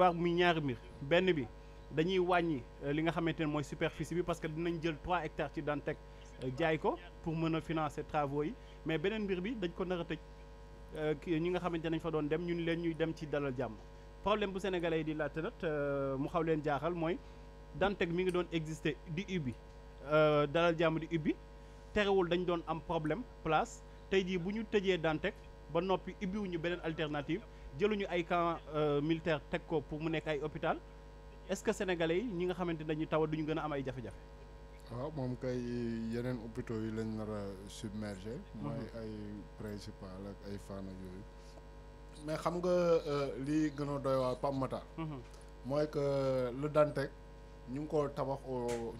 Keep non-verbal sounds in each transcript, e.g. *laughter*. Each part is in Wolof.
trajectoire muy ñaari mbir benn bi dañuy wàññi euh, li nga xamante ne mooy superficie bi parce que dinañ jël 3 hectares ci Dantec euh, jaay ko pour mën a financer travaux yi mais beneen mbir bi dañ ko nar a tëj euh, ñi nga xamante nañ fa doon dem ñun leen ñuy dem ci dalal jàmm problème bu sénégalais yi di laajte nag mu xaw leen jaaxal mooy Dantec mi ngi doon exister di ubbi dalal jàmm di ibbi terewul dañ doon am problème place tey jii bu ñu tëjee Dantec ba noppi ubbiwuñu beneen alternative jëluñu ay camp euh, militaire teg ko pour mu nekk ay opital est-ce que sénégalais yi ñi nga xamante dañuy taw duñu gën a am ay jafe-jafe waaw ah, moom kay yeneen hôpitaux yi lañ nar a submergé mhm. mooy ay principal ak ay Fann ak mais xam nga euh, lii gën a doy waar Pape Matar mhm. mooy que euh, le Dantec ñu ngi ko tabax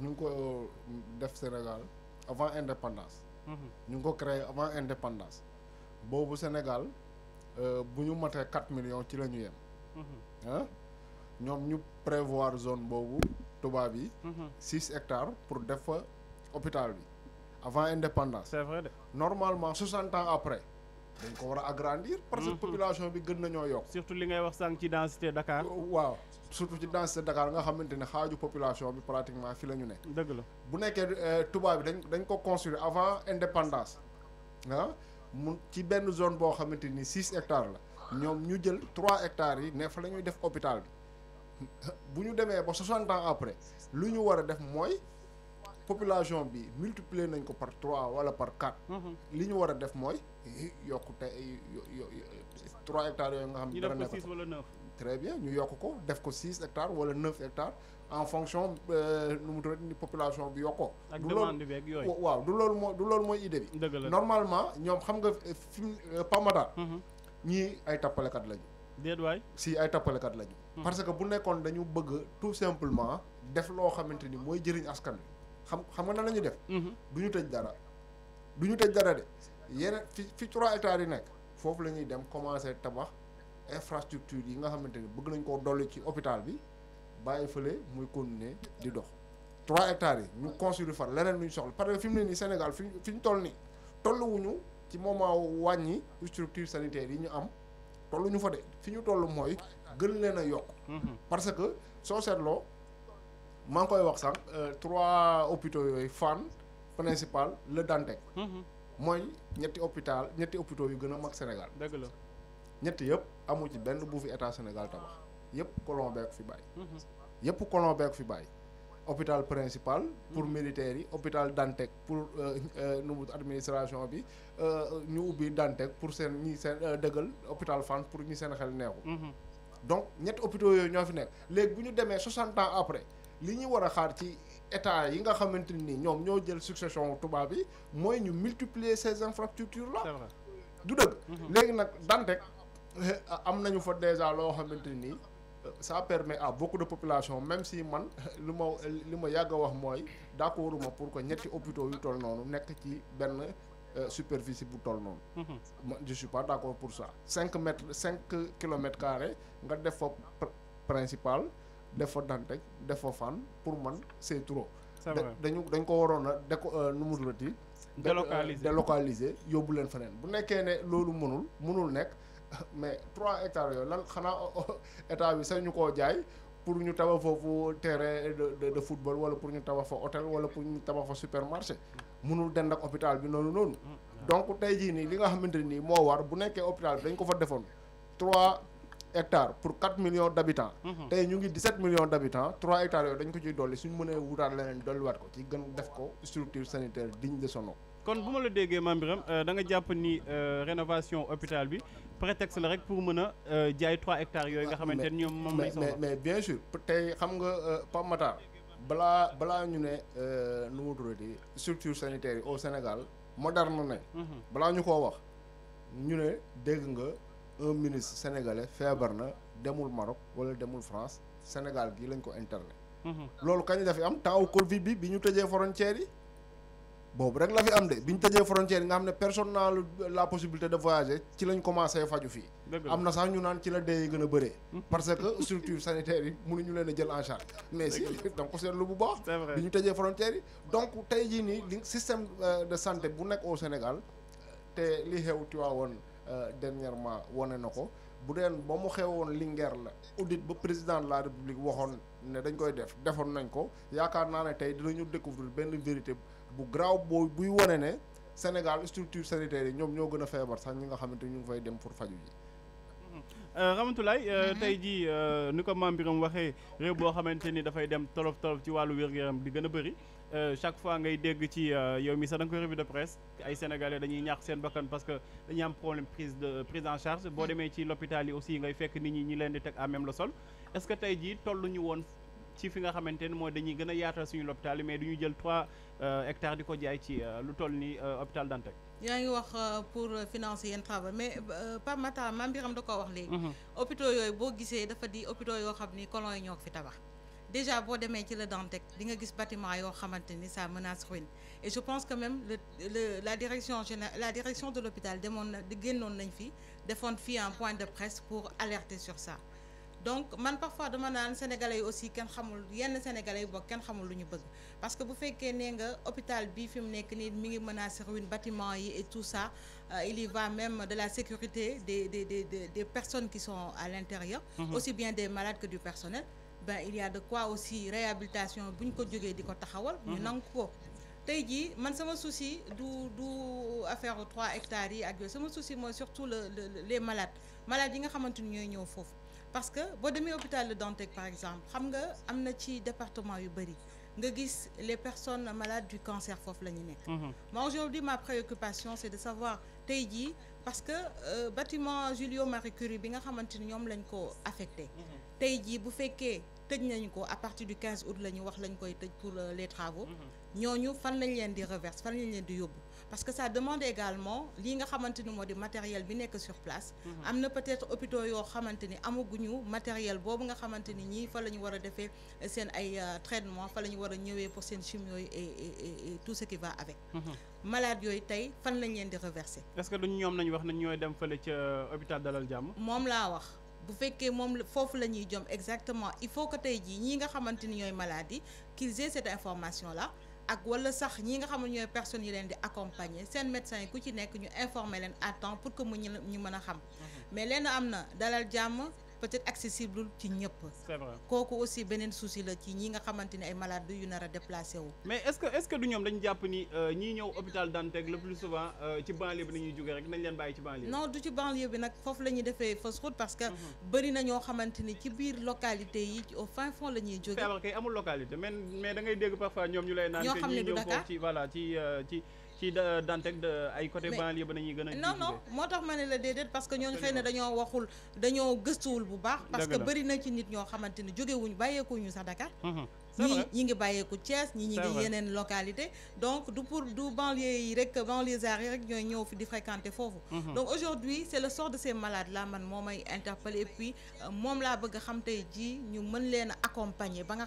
ñu ngi ko def Sénégal avant indépendance mhm. ñu ngi ko créé avant indépendance boobu Sénégal Euh, bu ñu matee quatre millions ci la ñu yem. Mm-hmm. ñoom ñu prévoir zone boobu tubaab yi. Mm-hmm. six hectares pour def fa hôpital bi avant indépendance. c'est vrai normalement soixante ans après. dañ ko war a agrandir. parce que mm-hmm. population bi gën nañoo yokk. surtout li ngay wax sànq ci densité Dakar. Euh, waaw surtout ci densité Dakar nga xamante ni xaaju population bi pratiquement fi la ñu ne. dëgg la bu nekkee euh, tubaab bi dañ dañ ko construire avant indépendance mun ci benn zone boo xamante ni six hectares la ñoom ñu jël trois hectares yi ne fa la ñuy def hôpital bi *laughs* bu ñu demee ba soixante ans après lu ñu war a def mooy population bi multiplier nañ ko par trois wala par quatre. Mhm. li ñu war a def mooy yokkute trois hectares yooyu nga xam. dara ne ko très bien ñu yokk ko def ko six hectares wala neuf hectares. en fonction euh, nu mu tuddati ni population bi yokkoo. ak demande yooyu waaw du loolu moo du loolu mooy idée bi. normalement ñoom xam nga euh, fi euh, Pamata. Mhm. ñii ay tappalekat lañu. déet waay si ay tappalekat lañu. Mhm. parce que bu nekkoon dañu bëgg tout simplement def loo xamante ni mooy jëriñ askan bi xam xam nga nan la def. Mhm. du ñu tëj dara du ñu tëj dara de yeneen fi fi trois hectares yi nekk foofu la ñuy dem commencer tabax infrastructure yi nga xamante ni bëgg nañ koo dolli ci hôpital bi. bàyyi fële muy kon ne di dox 3 hectares yi ñu construire far leneen lu ñu soxla parce que fi ne nii Sénégal fi fi ñu toll nii tolluwuñu ci moment wàññi structure sanitaire yi ñu am tolluñu fa de fi ñu toll mooy gën leen a yokk. Mhm. parce que soo seetloo maa ngi koy wax sax euh, trois hôpitaux yooyu Fann principal Le Dantec. Mhm. mooy ñetti hôpital ñetti hôpitaux yu gën a mag Sénégal. la ñetti yëpp amul ci benn bu fi état Sénégal tabax. yëpp colon beek fi bàyyi. Mhm. yëpp colon beek fi bàyyi. hôpital principal. pour mhm. militaires yi hôpital Dantec pour euh, euh, nu mu administration bi euh, ñu ubbi Dantec pour seen ñi seen dëggal hôpital Fann pour ñi seen xel neexul. Mhm. donc ñetti hôpitaux yooyu ñoo fi nekk léegi bu ñu demee 60 ans après li ñu war a xaar ci état yi nga xamante ni ñoom ñoo jël succession tubaab yi mooy ñu multiplier ces infrastructures là. du dëgg. léegi nag Dantec am nañu fa déjà loo xamante nii ça permet à beaucoup de population même si man li ma li ma yàgg wax mooy d'accord ma pour que ñetti hôpitaux yu toll noonu nekk ci benn euh, superficie bu toll noonu. Mhm. man je suis pas d'accord pour ça. cinq mètres cinq kilomètres carrés nga def fa principal def fa Dantec def fa Fann pour man c'est trop. c'est vrai dañu dañ ko waroon a déco euh, nu mu délocaliser délocaliser yóbbu leen feneen bu nekkee ne loolu mënul mënul nekk. *laughs* mais trois hectares yooyu lan xanaa *laughs* état bi ñu koo jaay pour ñu tabax foofu terrain de de football wala pour ñu tabax fa hôtel wala pour ñu tabax fa supermarché mënul dend ak bi noonu noonu. donc tey jii nii li nga xamante nii moo war bu nekkee hôpital bi dañ ko fa defoon trois hectares pour quatre millions d' mhm. tey ñu ngi dix sept millions d' habitants trois hectares yooyu dañ ko ciy dolli suñu mënee wutaat leneen dolliwaat ko ci gën def ko structure sanitaire digne kon bu ma la déggee Mame Birame euh, da nga jàpp ni euh, rénovation hôpital bi prétexte la rek pour mën a euh, jaay 3 hectares yooyu nga xamante ne ñoom moom lañ mais bien sûr tey xam nga Pape Matar balaa balaa ñu ne nu mu tuddati structure sanitaire yi au Sénégal moderne na mhm. balaa ñu ko wax ñu ne dégg nga un ministre sénégalais feebar na demul Maroc wala demul France Sénégal gii lañ ko interné mhm. loolu kañ dafi am temps Covid bi ñu tëjee frontières yi boobu rek la fi am de bi ñu tëjee frontière yi nga xam ne personne n'a la possibilité de voyager ci lañ commencé faju fii am na sax ñu naan ci la dee gën a bëree parce que structure sanitaire yi mënuñu leen jël en charge mais si donc lu bu baax bi ñu tëjee frontière yi donc tey jii nii li système euh, de santé bu nekk au Sénégal te li xew Tivaouane euh, dernièrement wane na ko bu deen ba mu xewoon Linguère la audit ba président de la République waxoon ne dañ koy def defoon nañ ko yaakaar naa ne tey dinañu découvrir benn vérité bu garaaw boo buy wane ne Sénégal structure sanitaire yi ñoom ñoo gën a feebar sax ñi nga xamante ñu ngi fay dem pour faju ji euh, Ramatoulaye euh, mm-hmm. tey jii euh, ni ko maam Birame waxee boo xamante ni dafay dem tolof tolof ci wàllu wér-gu-yaram di gën a bëri chaque fois ngay dégg ci yow mi sax da nga koy revue de presse ay sénégalais dañuy ñàkk seen bakkan parce que dañuy am problème prise de prise en charge boo mm-hmm. demee ci l'hôpital yi aussi ngay fekk nit ñi ñi leen di teg à même le sol est-ce que tey jii ñu woon ci fi nga xamante ne mooy dañuy gën a yaatal suñu l'hôpital yi mais du jël 3 euh, hectares di ko jaay ci euh, lu toll nii euh, hôpital Dantec. yaa ngi wax pour financer yenn travaux mais Pape Matar Mame Birame da koo wax léegi. Mhm. hôpitaux yooyu boo gisee dafa di hôpitaux yoo xam ni colon yi ñoo ko fi tabax. déjà boo demee ci la Dantec di nga gis bâtiment yoo xamante ni ça menace ruine et je pense que même le le la direction générale la direction de l'hôpital demoon na génnoon nañ fi defoon fii un point de presse pour alerter sur ça. donc man parfois dama naan sénégalais yi aussi kenn xamul yenn sénégalais yi bokk kenn xamul lu ñu bëgg parce que bu fekkee nee nga hôpital bi fi mu nekk nii mi ngi menacé ruine bâtiment yi et tout ça euh, il y va même de la sécurité de des de des, des personnes qui sont à l'intérieur mhm. aussi bien des malades que du personnel ben il y de quoi aussi réhabilitation bu ñu ko jógee di ko taxawal ñu mhm. nangu ko tey jii man sama souci du du affaire trois hectares yi ak yooyu sama souci mooy surtout le, le les malades malades yi nga xamante ni ñooy ñëw foofu parce que boo demee hôpital Le Dantec par exemple xam nga am na ci département yu bëri nga gis les personnes malades du cancer foofu la ñu nekk ma mhm. aujourd'hui ma préoccupation c'est de savoir tey jii parce que euh, bâtiment Julio Marie Curie bi nga xamante ni ñoom lañ ko affecté mhm. tey jii bu fekkee tëj nañu ko à partir du 15 août la ñu wax lañ koy tëj pour euh, les travaux. Mhm. ñooñu fan lañ leen di reverse fan lañ leen di yóbbu parce que ça demande également lii nga xamante ni moo di matériel bi nekk sur place. Mhm. am na peut-être hôpitaux yoo xamante ni amaguñu matériel boobu nga xamante ni ñii fa la ñu war a defee euh, seen ay euh, traitement fa la ñu war a ñëwee pour seen chimio et et tout ce qui va avec. Mhm. malade yooyu tey fan lañ leen di reverser. est-ce que duñ ñoom nañu wax nañ ñooy dem fële wax. bu fekkee moom foofu la ñuy jom exactement il faut que tey jii ñii nga xamante ni ñooy maladie qu'ils aient cette information là ak wala sax ñi nga xam ne ñooy personnes yi leen di accompagner seen médecin yi ku ci nekk ñu informer leen à temps pour que mu ñu mën a xam mhm. mais lenn am na dalal jàmm peut-être accessible ci ñëpp. c'est vrai kooku aussi beneen souci la ci ñi nga xamante ni ay malades yu nar a déplacé wu. mais est-ce que est-ce que du ñoom dañu jàpp ni euh, ñiy ñëw hôpital Dantec le plus souvent euh, ci banlieue bi nañuy jógee rek nañ leen bàyyi ci banlieue. non du ci banlieue bi nag foofu la ñuy defee fausse route parce que. Mhm. bëri na ñoo xamante ni ci biir localité yi au fin fond la ñuy jógee. feebar kay amul localité mais mais ngay dégg parfois ñoom ñu lay. naan que ñi ñëw ci euh, Dantec ay côté banlieue ba nañuy gën a non non moo tax ma ne la déedéet parce que ñooñu xëy na dañoo waxul dañoo gëstuwul bu baax parce que bëri ci nit ñoo xamante ni jógewuñu bàyyeekuñu sax Dakar mhm. ñi ñi ngi bàyyeeku Thiès ñi ñi ngi yeneen localité donc du pour du banlieue yi rek banlieusards yi rek ñooy ñëw fi di fréquenter foofu mhm. donc aujourd'hui c'est le sort de ces malades man moo may interpeller et puis euh, moom laa bëgg a xam tey ji ñu a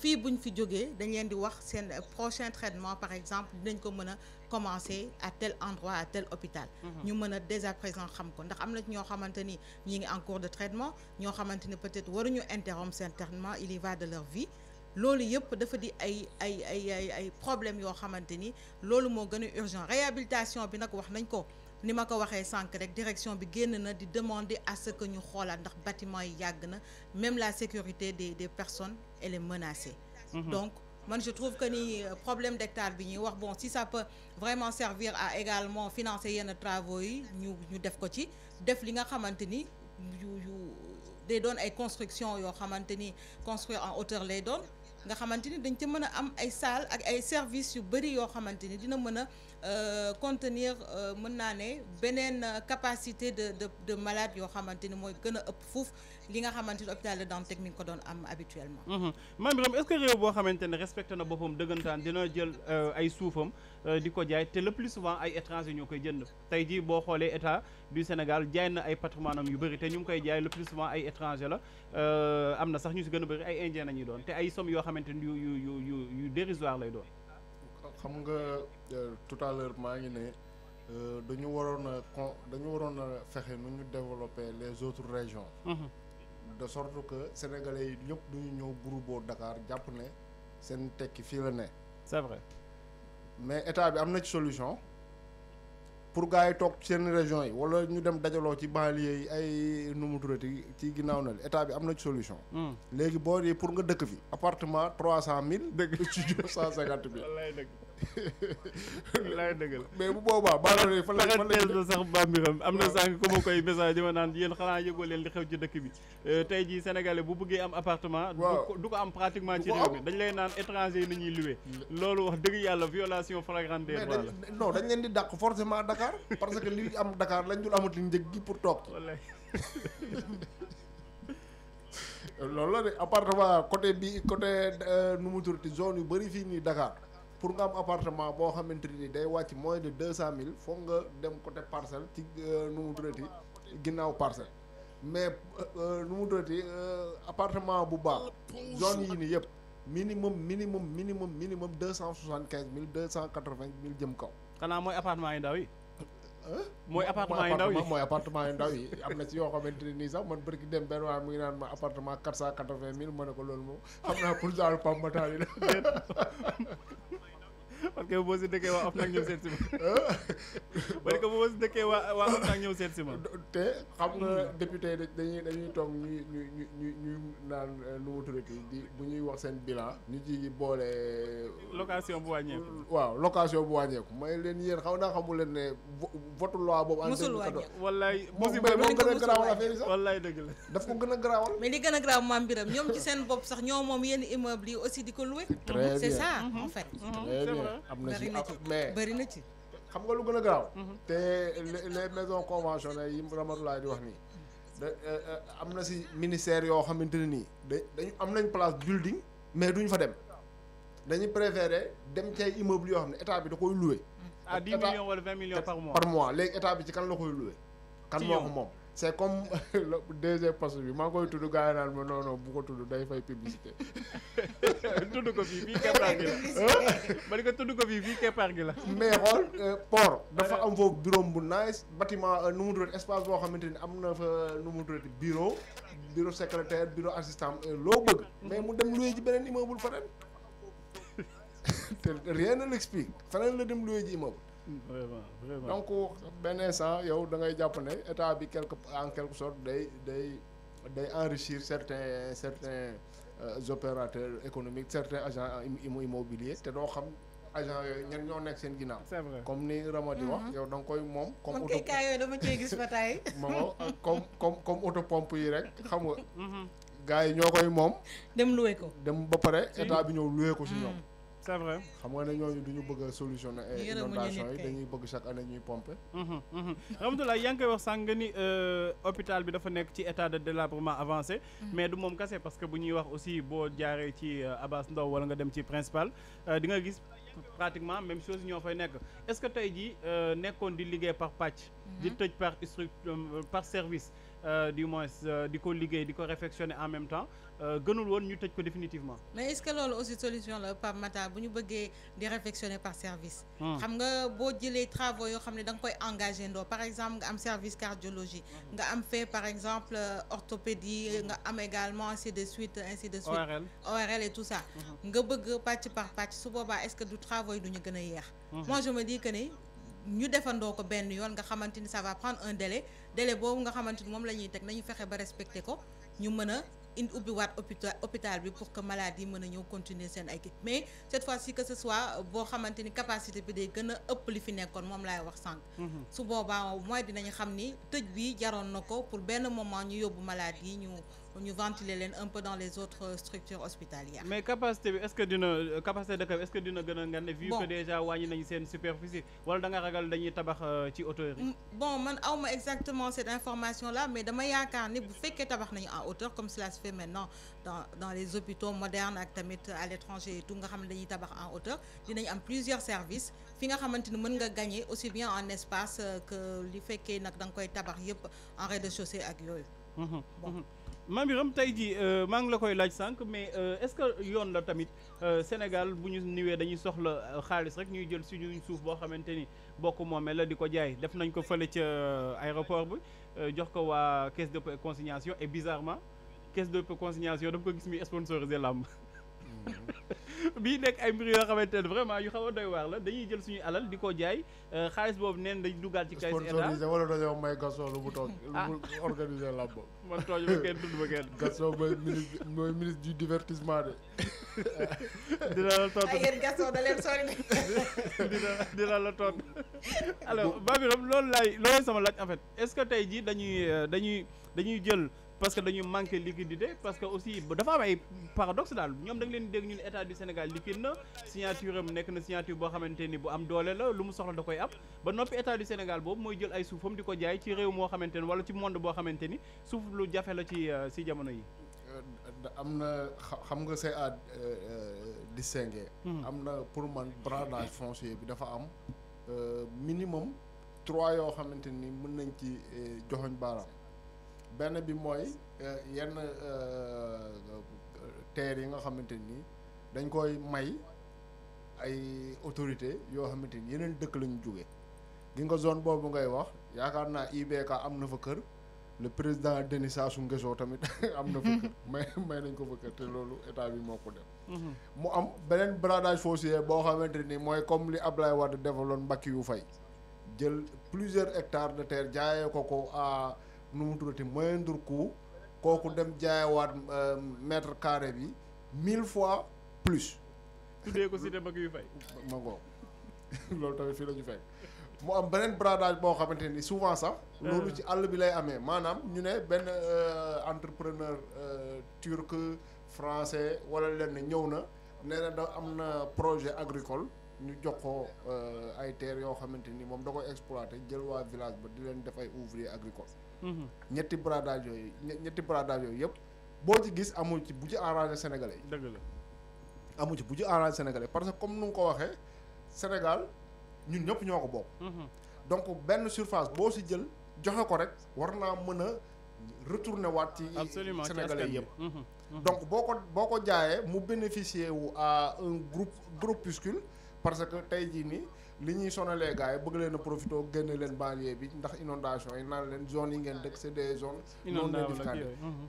fii buñ fi jógee dañ leen di wax seen prochain traitement par exemple dinañ ko mën a commencer à tel endroit à tel hôpital mhm. ñu mën a dès à présent xam ko ndax am na ñoo xamante ni ñi ngi en cours de traitement ñoo xamante ni peut-être waruñu interrompre seen traitement il de leur vie loolu yëpp dafa di ay ay ay ay ay problème yoo xamante ni loolu moo gën a urgent réhabilitation bi nag wax nañ ko ni ma ko waxee sànq rek direction bi génn na di demander à ce que ñu xoolaat ndax bâtiment yi yàgg na même la sécurité des des personnes elle est menacée. Mmh. donc man je trouve que ni euh, problème d'hectare bi ñuy wax bon si ça peut vraiment servir à également financer yenn travaux yi ñu ñu def ko ci def li nga xamante ni yu yu day doon ay construction yoo xamante ni construire en hauteur lay doon nga xamante ni dañ ca mën a am ay salles ak ay services yu bëri yoo xamante ni dina mën a. Euh, contenir euh, mën naa ne beneen euh, capacité de de de malade yoo xamante ni mooy gën a ëpp fuuf li nga xamante ni hôpital dans Dantec mi ngi ko doon am habituellement. Mhm. maam Birame est-ce que réew boo xamante ne respecté na boppam dëggantaan dina jël ay suufam di ko jaay te le plus souvent ay étrangers ñoo koy jënd tey jii boo xoolee état du Sénégal jaay na ay patrimoine am yu bëri te ñu ngi koy jaay le plus souvent ay étrangers la am na sax ñu si gën a bëri ay indiens la ñuy doon te ay somme yoo xamante ni yu yu yu yu dérisoire lay doon. xam nga euh, tout à l'heure maa ngi ne euh, dañu waroon a con dañu waroon a fexe nu ñu développer les autres régions mhm. de sorte que sénégalais yi ñëpp duñu ñëw groupe Dakar jàpp ne seen tekki fii la ne c'est vrai mais état bi am na ci solution pour gars yi toog seen région yi wala ñu dem dajaloo ci banlieue yi ay nu mu tuddati ci ginnaaw na état bi am na ci solution. Hmm. léegi boo dee pour nga dëkk fi. appartement trois cent mille. *laughs* dëgg studio cent cinquante mille. la. *laughs* mais bu boobaa baal na fan la am na sànq ku ma koy message ma naan yéen xanaa yëgoo leen li xew ci dëkk bi euh, tey jii sénégalais bu bëggee am appartement. du ko am pratiquement ci réew mi dañ lay naan étranger yi ni loolu wax dëgg yàlla violation flagrante des droits la. non dañ leen di dàq forcément parce que li am Dakar lañ dul amati njëg gi pour toog *laughs* loolu la de appartement côté bi côté euh, nu mu tuddati zone yu bëri fii nii dakaar pour nga am appartement boo xamante ni day wàcc mooy de deux cent mille foo nga dem côté parcelle ci nu ginnaaw parcel mais nu mu tuddati euh, euh, appartement bu baax zone yii nii yëpp minimum minimum minimum minimum deux cent soixante quinze jëm kaw. xanaa mooy appartement yu ndaw yi. mooy appartement yu ndaw yi mooy appartement am na ci yoo xamante ne nii sax man bëri dem benn waaye mu ngi naan ma appartement quatre cent quatre-vingt mille ma ne ko loolu moom xam naa pour genre Pape Matar yi la. *laughs* parce que bu ma si dëkkee waa OFNAC ñëw seet que bu dëkkee waa waa OFNAC ñëw seet si ma. te xam nga député dañuy dañuy toog ñuy ñu ñu ñuy naan lu euh, mu tuddati di bu ñuy wax seen bilan. ñu ci boole. Euh, location bu wàññeeku. waaw location bu wàññeeku may leen yéen xaw naa xamul leen ne vote loi boobu. musul wàññeeku wallaay. musul wàññeeku moom gën a garaawal affaire yi sax wallaay dëgg la. daf ko gën a garaawal. mais li gën a garaaw maam Biram ñoom ci seen bopp sax ñoo moom yenn immeuble yi aussi di ko loué. très c'est ça en mhm. am na ci mais bëri na ci xam nga lu gën a garaaw mhm. te les maisons conventionnelles yi Ramadou Laye di wax nii da eh, eh, am na si ministère yoo xamante ne nii da dañu am nañ place building mais duñ fa dem dañu préféré dem cay immeuble yoo xam ne état bi da koy loué à dix millions wala vingt millions par mois par mois bi ci kan la koy loué kan moom c'est comme *laughs* DG poste bi maa koy tudd gaa yi naan ma non non bu ko tudd day fay publicité. tudd fii fii la tudd ko fii fii keppaar gi la. mais xool euh, *laughs* dafa am foofu bureau bu nice bâtiment euh, nu mu tuddati espace boo xamante ni am na fa nu mu tuddati bureau bureau secrétaire bureau assistant euh, loo bëgg. mais mu dem loué ji beneen immeuble faneen *laughs* te rien ne l'explique faneen la dem loué ji immeuble. vraiment vraiment donc benn instant yow da ngay jàpp ne état bi quelque en quelque sorte day day day enrichir certains certains euh, opérateurs économiques certains agents immobiliers te doo xam agent yooyu ñan ñoo nekk seen ginnaaw. comme ni Ramadi wax. Mm-hmm. yow da nga koy moom. comme auto man kay kaa auto pompe yi rek xam nga. Mm-hmm. gars yi ñoo koy moom. dem loué ko. dem ba pare état bi ñëw loué ko si ñoom. c'est vrai xam nga ne ñooñu du ñu bëgg a solutionné eh, inondation yi dañuy bëgg chaque année ñuy pomper. Ramatoulaye mhm, mhm. yaa wax sànq nga ni euh, hôpital bi dafa nekk ci état de délabrement avancé. Mhm. mais du moom kese parce que bu ñuy wax aussi boo jaaree ci euh, Abass Ndao wala nga dem ci principal euh, di nga gis. pratiquement même chose ñoo fay nekk est-ce que tey jii nekkoon di liggéey par pàcc. di tëj par structure par service. Euh, du moins euh, di ko liggéey di ko réfectionner en même temps euh, gënul woon ñu tëj ko définitivement. mais est-ce que loolu aussi solution la Pape Matar bu ñu bëggee di réfectionner par service. Hmm. xam nga boo jëlee travaux yoo xam ne da nga koy engagé ndoo par exemple nga am service cardiologie. Hmm. nga am fait par exemple orthopédie hmm. nga am également ainsi de suite ainsi de suite. ORL ORL et tout ça. nga bëgg pàcc par pàcc su boobaa est-ce que du travaux yi du gën a yeex moi je me ñu defandoo ko benn yoon nga xamante ni ça va prendre un délé délé boobu nga xamante ni moom lañuy teg nañu fexe ba respecté ko ñu mën a indi ubbiwaat hôpital hôpital bi pour que malade mën a ñëw continuer seen ay mais cette fois-ci que ce soit boo xamante ni capacité bi day gën a ëpp li fi nekkoon moom laay wax sànq. Mhm. su boobaa mooy dinañu xam ni tëj bi jaroon na ko pour benn moment ñu yóbbu malade yi ñu. ñu ventiler leen un peu dans les autres structures hospitalières. mais capacité bi est-ce que dina capacité dëkk bi est-ce que dina gën a ngand. vu que déjà wàññi nañu seen superficie. wala da nga ragal dañuy tabax euh, ci hauteur yi. bon man awma exactement cette information là mais dama yaakaar ni bu fekkee tabax nañu en hauteur comme cela se fait maintenant dans dans les hôpitaux modernes ak tamit à l'étranger et tout nga xam ne dañuy tabax en hauteur dinañ am plusieurs services fi nga xamante ni mën nga gagner aussi bien en espace euh, li fekkee nag da koy tabax yépp en rez-de-chaussée ak yooyu. Mmh mmh Mame Birame tey jii euh, maa ngi la koy laaj sànq mais euh, est-ce que yoon la tamit euh, Sénégal bu ñu niwee dañuy soxla xaalis rek ñuy jël suñu suuf boo xamante ni bokk moomee la di ko jaay def nañ ko fële ca aéroport bi jox ko waa caisse de consignation et bizarrement caisse de consignation dafa ko gis muy sponsorisé làmb *laughs* bii nekk ay mbir yoo xamante ne vraiment yu xaw a doy waar la dañuy jël suñuy alal di ko jaay euh, xaalis boobu neen dañ dugaat ci kay sponsorisé wala dañoo may Gaston lu mu toog ah. lu mu organisé làmb *laughs* man tooj ba kenn dund ba kenn Gaston mooy ministre mooy ministre du divertissement de *laughs* dina la tontu ay yéen Gaston da leen sori dina dina la tontu alors Babiram loolu laay loolu sama laaj en fait est-ce que tey jii dañuy euh, dañuy dañuy jël parce que dañu manqué liquidité parce que aussi dafa am ay paradoxe daal ñoom da leen dégg ñun état du Sénégal liquide na signature am nekk na signature boo xamante ni bu am doole la lu mu soxla da koy am ba noppi état du Sénégal boobu mooy jël ay suufam di ko jaay ci réew moo xamante ni wala ci monde boo xamante ni suuf lu jafe la ci euh, si jamono yi. Euh, am na xam nga c'est euh, à distinguer. Hmm. am na pour man bradage foncier bi dafa am minimum trois yoo xamante ni mën nañ ci joxoñ baaraam. benn bi mooy euh, yenn euh, terres yi nga xamante nii dañ koy may ay autorité yoo xamante ni yeneen dëkk la ñu jóge gi nga zone boobu ngay wax yaakaar naa IBK am na fa kër le président Denis Sassou Nguesso tamit *laughs* am na fa kër mm-hmm. may may nañ ko fa kër te loolu état bi moo ko def mm-hmm. mu am beneen bradage foncier boo xamante ni mooy comme li Ablaye Wade defaloon yu fay jël plusieurs hectares de terre jaayee ko ko à nu mu tuddati moindre coût kooku dem jaayawaat euh, mètre carré bi mille fois plus. tuddee ko si dem ak yu fay. ma ngoog *laughs* loolu tamit fii la ñu fekk mu am beneen bradage boo xamante ni souvent sax. Ah. loolu ci àll bi lay amee maanaam ñu ne benn euh, entrepreneur euh, turc français wala lenn ñëw na nee na da am na projet agricole. ñu jox ko ay terres yoo xamante nii moom da koy exploité jël waa village ba di leen def ay ouvrier agricole Mm-hmm. ñetti bradage yooyu ñetti bradage yooyu yëpp boo ci gis amul ci bu ci arrangé sénégalais yi. amul ci bu ci arrangé sénégalais parce que comme nu nga ko waxee Sénégal ñun ñëpp ñoo ko bokk. Mm-hmm. donc benn surface boo si jël joxe ko rek war naa mën a retourner waat ci. sénégalais yëpp. Mm-hmm. donc boo ko boo ko jaayee mu bénéficier wu à un groupe groupuscule parce que tey jii nii. li ñuy sonalee gars yi bëgg leen a profité génne leen banlieue bi ndax inondation yi naan leen zone yi ngeen dëkk c'est des zones non aedificandi mhm.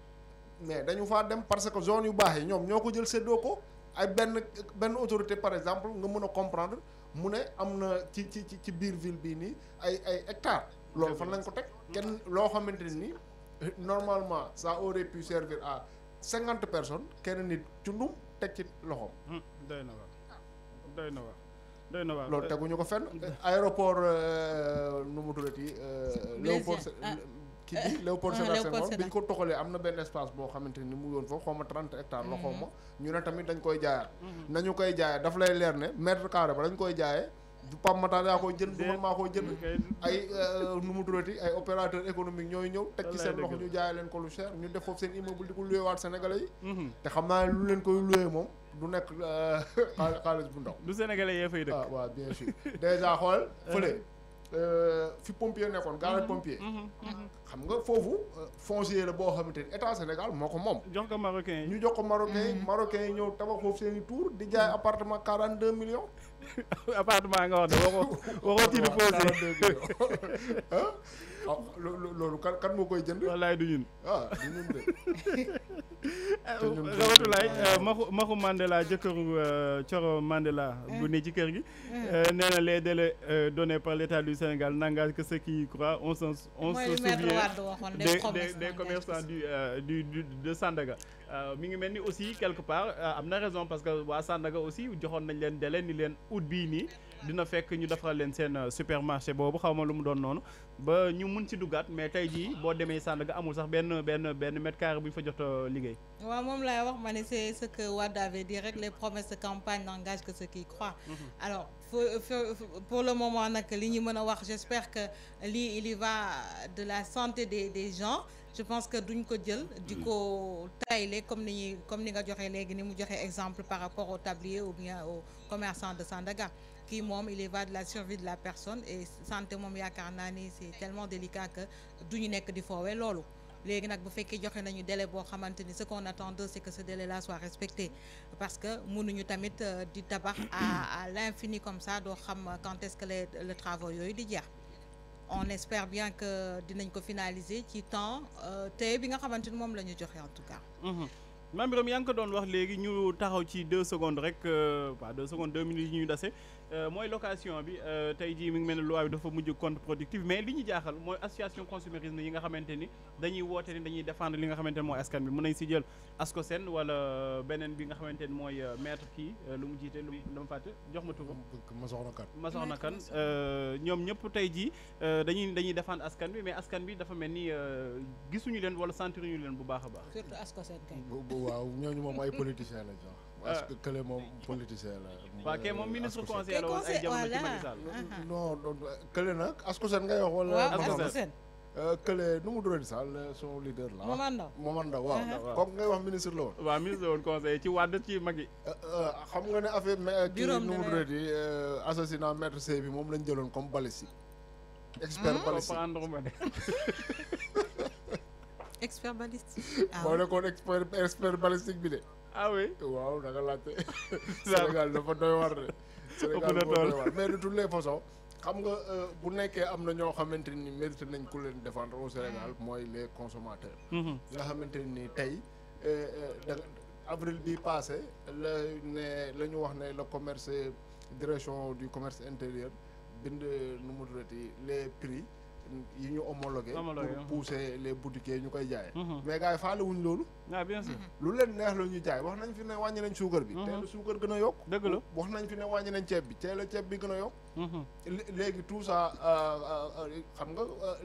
mais dañu faa dem parce que zone yu baax yi ñoom ñoo ko jël séddoo ko ay benn benn autorité par exemple nga mën a comprendre mu ne am na ci ci ci biir ville bii nii ay ay hectares loolu fan lañ ko teg kenn loo xamante nii normalement ça aurait pu servir à cinquante personnes kenn nit cundum teg ci loxoom hmm, na na doy na waaw loolu euh, teguñu ko fenn. aéroport euh, nu mu tuddati. Euh, Léopold ah. kii bi *laughs* Léopold Sédar Senghor bi ñu ko toxalee am na benn espace boo xamante ni mu yoon foofu xaw ma trente hectares la xaw ma mm-hmm. ñu ne tamit dañ koy jaayaat. Mm-hmm. nañu koy jaayaat daf lay leer ne mètre carré ba dañ koy jaayee. du PAM Matar yaa koy jën du man maa koy jënd mm-hmm. ay nu mu tuddati ay opérateur économique ñooy ñëw teg ci seen loxo ñu jaay leen ko lu cher ñu def foofu seen immeuble di ko luyewaat sénégalais yi te xam naa du nekk euh, xaalis bu ndaw. du sénégalais yee fay dëkk. ah waaw bien sûr déjà xool fële euh, fi pompier nekkoon garage mhm. pompier. Mhm. Mhm. xam nga foofu euh, foncier la boo xamante ni état Sénégal moo ko moom. jox ko marocain yi ñu jox ko marocain yi. Mm. marocain yi ñëw tabax foofu tour di jaay appartement 42 millions. *laughs* appartement nga wax de waxoo *laughs* waxoo ci di posé. loolu kan moo koy jënd. wallaay du ñun. ah du ñun *laughs* euh, ah. Maxu Mandela jëkkëru Coro euh, Mandela. Mm. bu ci kër gi. Mm. nee na les délais donnés par l' état du Sénégal n'engagent que ceux qui y croient on s' Wade waxoon des euh, du de Sandaga euh, mi ngi mel ni aussi quelque part euh, am na raison parce que waa Sandaga aussi joxoon nañ leen délai ni leen août bii nii dina fekk ñu defaral leen seen supermarché boobu xaw ma lu mu doon noonu ba ñu mun ci duggaat mais tey jii boo demee Sandaga amul sax benn benn benn mètre carré bu ñu fa jot liggéey. waaw moom laay wax ma ne c'est ce que Wade avait dit rek les de campagne n'engagent que ceux qui y croient. Mhm. pour le moment nag li ñu mën a wax j'espère que lii il y de la santé des des gens je pense que duñ ko jël di ko tayle comme ni ñuy comme ni nga joxe léegi ni mu joxe exemple par rapport au tablier ou bien au commerçant de Sandaga kii moom il y va de la survie de la personne et santé moom yaakaar naa ni c'est tellement délicat que ñu nekk di foowee loolu léegi nag bu fekkee joxe nañu délai boo xamante ni ce qu'on attend c'est que ce délai soit respecté parce que mënuñu tamit euh, di tabax à à l'infini comme ça doo xam quand est-ce que les le travaux yooyu di jeex on espère bien que dinañ ko finaliser ci temps euh, tey bi nga xamante ni moom la ñu joxe en tout cas. Mhm. Mame Birame yaa ngi ko doon wax léegi ñu taxaw ci deux secondes rek euh, waa deux secondes deux minutes yi ñu dase Euh, mooy location bi euh, tey jii mi ngi mel ne loi bi dafa mujj contre-productive mais li ñu jaaxal mooy association consumérisme yi nga xamante ni dañuy woote ni dañuy défendre li nga xamante ni mooy askan bi mën nañ si jël Ascosen wala euh, beneen bi nga xamante ni mooy maître kii lu mu jiite lu mu fàtte jox ma turam. ma soxna kan ma soxna kan ñoom ñëpp tey jii dañuy dañuy défendre askan bi mais askan bi dafa mel ni gisuñu leen wala sentiruñu leen bu baax a baax. surtout Ascosen kay. waaw ñooñu moom ay politiciens lañ sax. parce euh. que kële moom politicien la. waaw kay moom ministre conseiller la woon ay jamono ci Macky Sall. Ah, ah. non non kële nag Ascosen ngay wax wala. waaw euh, kële nu mu doon Sall son leader la. Momar Ndao Momar Ndao waaw. kooku ah, ngay wax ministre la woon. waaw ministre woon conseiller ci wàdd ci Macky. Euh, xam nga ne affaire mais kii nu mu doon di bi moom lañ jëloon comme balistique. expert hmm? balistique *laughs* expert balistique. ah moo nekkoon expert expert balistique bi de. ah oui waaw da nga laajte. Sénégal dafa doy war de. Sénégal dafa doy war mais de toutes les façons. xam nga eh, bu nekkee am na ñoo xamante ni mérite nañ ku leen défendre au Sénégal mm. mooy les consommateurs. Mm-hmm. nga xamante ni tey eh, eh, da avril bi passé la la ñu wax ne la commerce direction du commerce intérieur bind nu mu tuddati les prix. yi ñu homologué pour uh-huh. pousser les boutiquiers ñu koy jaay uh-huh. mais gars yi faale wuñ loolu ah bien sûr mm-hmm. lu leen neex la jaay wax nañ fi ne wàññi nañ suukar bi uh-huh. tey la suukar gën a yokk dëgg la wax nañ fi ne wàññi nañ ceeb bi tey la ceeb bi gën a yokk léegi tout ça euh, euh, euh, xam nga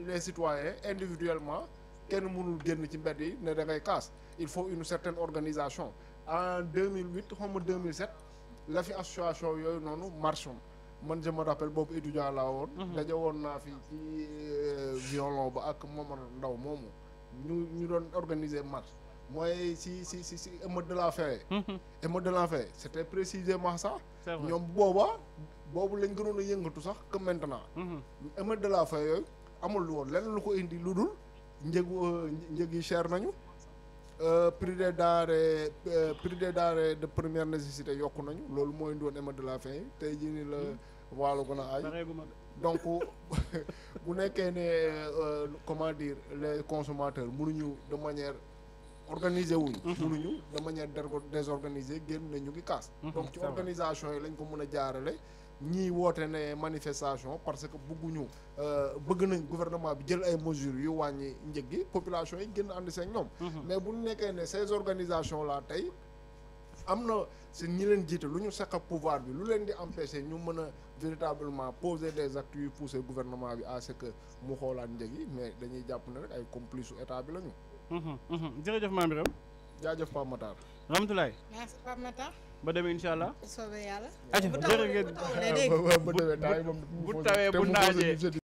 les citoyens individuellement kenn mënul génn ci mbedd yi ne da ngay kaas il faut une certaine organisation en 2008 xaw ma 2007 la fi association yooyu noonu marchon man je me rappelle boobu étudiant laa woon. Mhm. daje woon naa fi ci euh, violon ba ak Momar Ndaw moomu ñu doon organiser marche mooy si si si si émeute de la faim. Mhm. émeute de la faim c' était précisément ça. ñoom booba boobu lañ gënoon yëngatu sax que maintenant. émeute mhm. de la faim yooyu amul woon lenn lu ko indi lu dul njëgu euh, njëg yi cher nañu. Euh, prix de denrées prix de denrées de première nécessité yokku nañu loolu mooy indiwoon émeute de la faim te jii nii la. waalo gën a aay donc *laughs* bu nekkee ne euh, comment dire les consommateurs ñu de manière organisé wuñ mënuñu mhm. de manière désorganisée génn na ñu ngi kaas mhm, donc ci organisation yi lañ ko mën a jaarale ñii woote ne manifestation parce que bëgguñu euh, bëgg nañ gouvernement bi jël ay mesures yu wàññi njëg gi population yi génn ànd seen ñoom mhm. mais bu nekkee ne ces organisations là tey am na si ñi leen jiite lu ñu seq pouvoir bi lu leen di empêcher ñu mën a véritablement poser des actes yu pousser gouvernement bi a ce que mu xoolaat njëg yi mais dañuy jàpp ne rek ay complice su état bi la jërëjëf maam Birame. jaajëf Pape Matar. Ramatoulaye. merci ba demee incha allah. bu tawee bu naajee